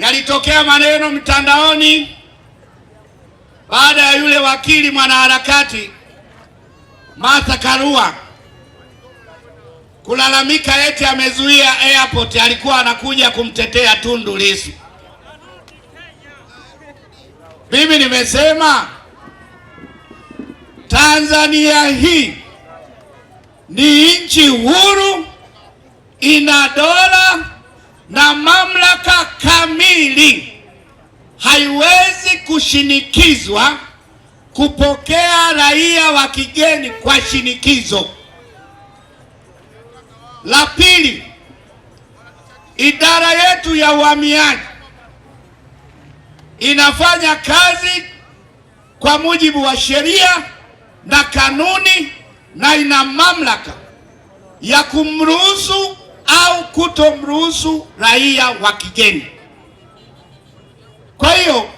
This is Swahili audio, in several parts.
Yalitokea maneno mtandaoni baada ya yule wakili mwanaharakati Martha Karua kulalamika eti amezuia airport, alikuwa anakuja kumtetea Tundu Lissu. Mimi nimesema Tanzania hii ni nchi huru, ina dola na mamlaka kamili haiwezi kushinikizwa kupokea raia wa kigeni kwa shinikizo. La pili, idara yetu ya uhamiaji inafanya kazi kwa mujibu wa sheria na kanuni na ina mamlaka ya kumruhusu au kutomruhusu raia wa kigeni. Kwa hiyo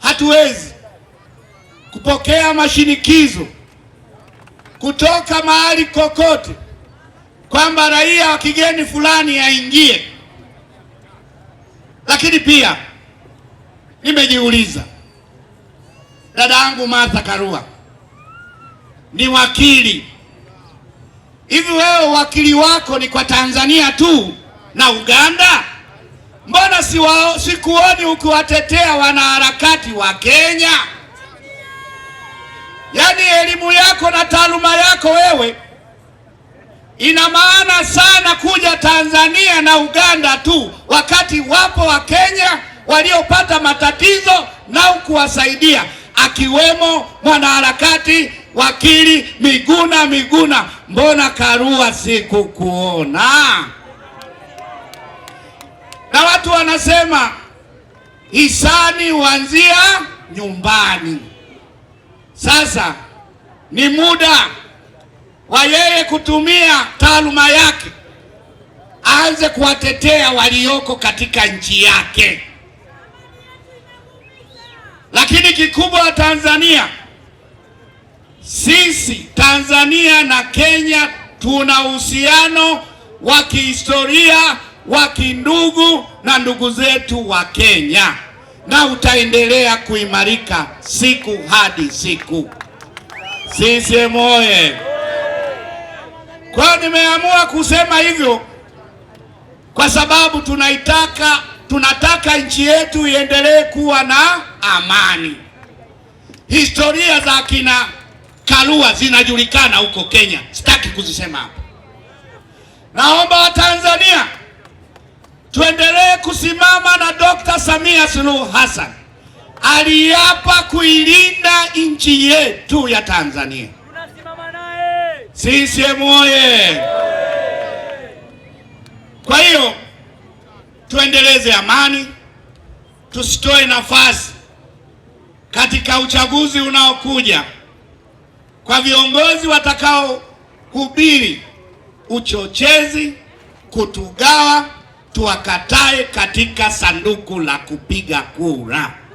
hatuwezi kupokea mashinikizo kutoka mahali kokote kwamba raia wa kigeni fulani aingie. Lakini pia nimejiuliza, dada yangu Martha Karua ni wakili Hivi wewe wakili wako ni kwa Tanzania tu na Uganda? Mbona sikuoni ukiwatetea wanaharakati wa Kenya? Yaani elimu yako na taaluma yako wewe ina maana sana kuja Tanzania na Uganda tu, wakati wapo wa Kenya waliopata matatizo na kuwasaidia, akiwemo mwanaharakati wakili Miguna Miguna, mbona Karua sikukuona? Na watu wanasema hisani huanzia nyumbani. Sasa ni muda wa yeye kutumia taaluma yake aanze kuwatetea walioko katika nchi yake, lakini kikubwa Tanzania sisi Tanzania na Kenya tuna uhusiano wa kihistoria wa kindugu na ndugu zetu wa Kenya, na utaendelea kuimarika siku hadi siku. Sisi oye! Kwa nimeamua kusema hivyo kwa sababu tunaitaka, tunataka nchi yetu iendelee kuwa na amani. Historia za kina Karua zinajulikana huko Kenya, sitaki kuzisema hapa. Naomba Watanzania tuendelee kusimama na Dr. Samia Suluhu Hassan aliapa kuilinda nchi yetu ya Tanzania. CCM oye! Kwa hiyo tuendeleze amani, tusitoe nafasi katika uchaguzi unaokuja kwa viongozi watakaohubiri uchochezi, kutugawa, tuwakatae katika sanduku la kupiga kura.